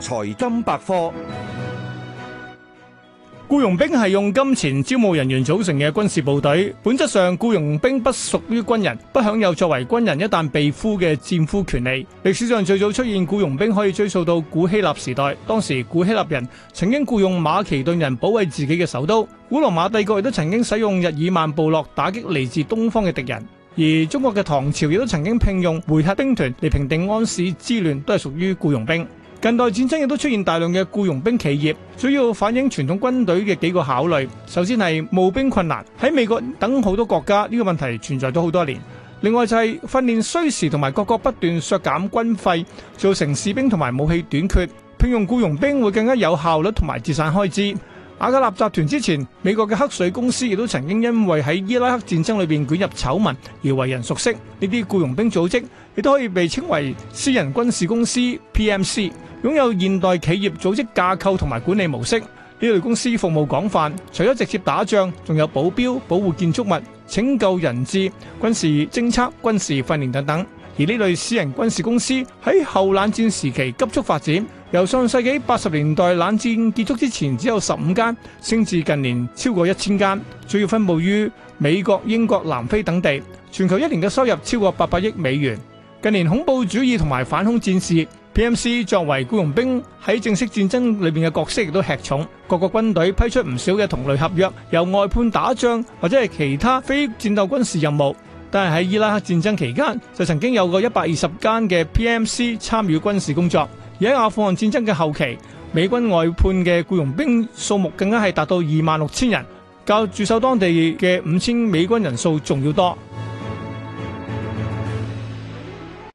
財金百科，僱傭兵係用金錢招募人員組成嘅軍事部隊，本質上僱傭兵不屬於軍人，不享有作為軍人一旦被俘嘅戰俘權利。歷史上最早出現僱傭兵可以追溯到古希臘時代，當時古希臘人曾經僱傭馬其頓人保衛自己嘅首都。古羅馬帝國亦都曾經使用日耳曼部落打擊嚟自東方嘅敵人，而中國嘅唐朝亦都曾經聘用回紇兵團嚟平定安史之亂，都係屬於僱傭兵。近代戰爭亦都出現大量嘅僱傭兵企業，主要反映傳統軍隊嘅幾個考慮。首先係募兵困難，喺美國等好多國家呢個問題存在咗好多年。另外就係訓練需時，同埋各國不斷削減軍費，造成士兵同埋武器短缺。聘用僱傭兵會更加有效率同埋節省開支。瓦格納集團之前，美國嘅黑水公司亦都曾經因為喺伊拉克戰爭裏邊捲入醜聞而為人熟悉。呢啲僱傭兵組織亦都可以被稱為私人軍事公司 （PMC）。擁有現代企業組織架構同埋管理模式，呢類公司服務廣泛，除咗直接打仗，仲有保鏢、保護建築物、拯救人質、軍事政策、軍事訓練等等。而呢類私人軍事公司喺後冷戰時期急速發展，由上世紀八十年代冷戰結束之前只有十五間，升至近年超過一千間，主要分布於美國、英國、南非等地，全球一年嘅收入超過八百億美元。近年恐怖主義同埋反恐戰事。PMC 作為僱傭兵喺正式戰爭裏面嘅角色亦都吃重，各個軍隊批出唔少嘅同類合約，由外判打仗或者係其他非戰鬥軍事任務。但係喺伊拉克戰爭期間，就曾經有過一百二十間嘅 PMC 參與軍事工作。而喺阿富汗戰爭嘅後期，美軍外判嘅僱傭兵數目更加係達到二萬六千人，較駐守當地嘅五千美軍人數仲要多。